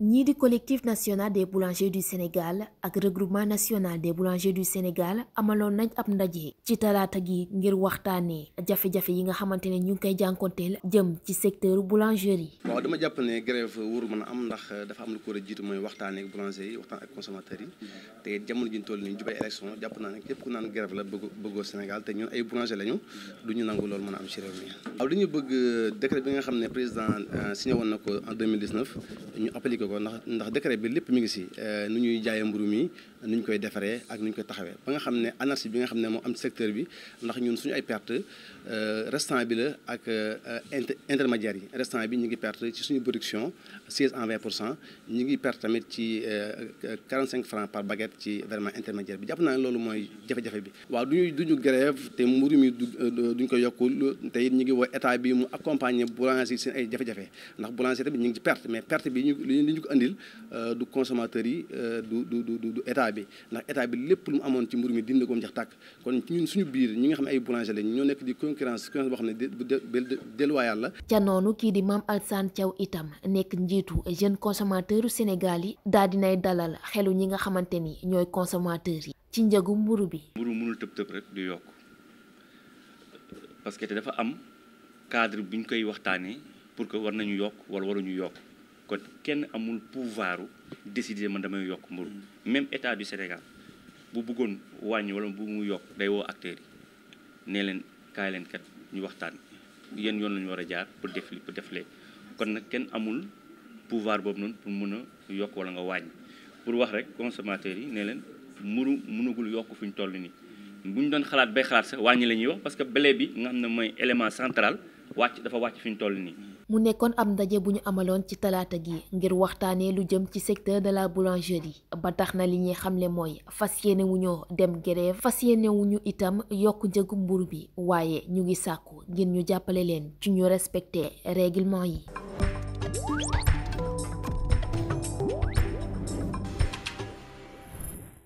ñii di collectif national des boulangers du Sénégal ak regroupement national des boulangers du Sénégal amaloon nañ ab ndaje ci talaata gi ngir waxtaanee jafe-jafe yi nga xamante ne ñu ngi koy jànkonteel jëm ci secteur boulangerie. waaw dama jàpp ne grève wóoru mën a am ndax dafa am lu ko war a jiitu mooy waxtaanee ak boulanger yi waxtaan ak consommateurs yi te jamono ji ñu toll nii jubay élection jàpp naa ne képp ku naan grève la bëgg bëggoo Sénégal te ñun ay boulanger l ñu nangu loolu mën a am li ñu bëgg décret bi nga xam ne président euh, signé woon na ko en nga ko ndax ndax décret bi lépp mi ngi si euh, nu ñuy jaayee mburu mi nu ñu koy defaree ak nu ñu koy taxawee ba nga xam ne anarchie bi nga xam ne moo am secteur bi ndax ñun suñu ay perte euh, restant bi la ak euh, intermédiaire yi restant bi ñu ngi perte ci suñu production 16 en 20 pour cent ñu ngi perte tamit ci cinq francs par bagget ci vraiment intermédiaire bi jàpp naa loolu mooy jafe-jafe bi waaw duñu du ñu grève te mburu mi du duñ koy yokkul te it ñu ngi woo état bi mu accompagner boulanger seen ay jafe-jafe ndax boulanger tamit ñu ngi ci perte mais perte bi ñu li ñu ko andil euh, du consommateur yi euh, du du du du état bi ndax état bi lépp lu mu amoon ci mburu mi dindi ko mu jax tàkk kon ñun suñu biir ñi nga xam ne ay boulanger lañ ñoo nekk di concurrence concurrence boo xam ne déloyale la ca noonu kii di Mame Alassane Thiaw itam nekk njiitu jeune consommateur Sénégal yi daal dinay dalal xelu ñi nga xamante ni ñooy consommateur yi ci njëgu mburu bi mburu mënul tëb tëb rek du yokk parce que te dafa am cadre bi ñu koy waxtaanee pour que war kon kenn amul pouvoir décider ma damay yokk mburu mm. même état du Sénégal bu bëggoon wàññi wala bu mu yokk day woo acteurs yi nee leen kaay leen kat ñu waxtaan yéen yoon la ñu war a jaar pour def pour def lee kon nag kenn amul pouvoir boobu noonu pour mun a yokk wala nga wàññi pour wax rek consommateurs yi nee leen mburu mënagul yokk fu ñu toll nii mm. bu ñu doon xalaat bay xalaat sax wàññi la ñuy wax parce que blé bi nga xam ne mooy élément central mu nekkoon ab ndaje bu ñu amaloon ci talaata gi ngir waxtaanee lu jëm ci secteur de la boulangerie ba tax na li ñuy xamle mooy fas yéene wu ñoo dem grève fas yéene wu ñu itam yokk njëgu mburu bi waaye ñu ngi sàkku ngir ñu jàppale leen ci ñu respecté règlement yi.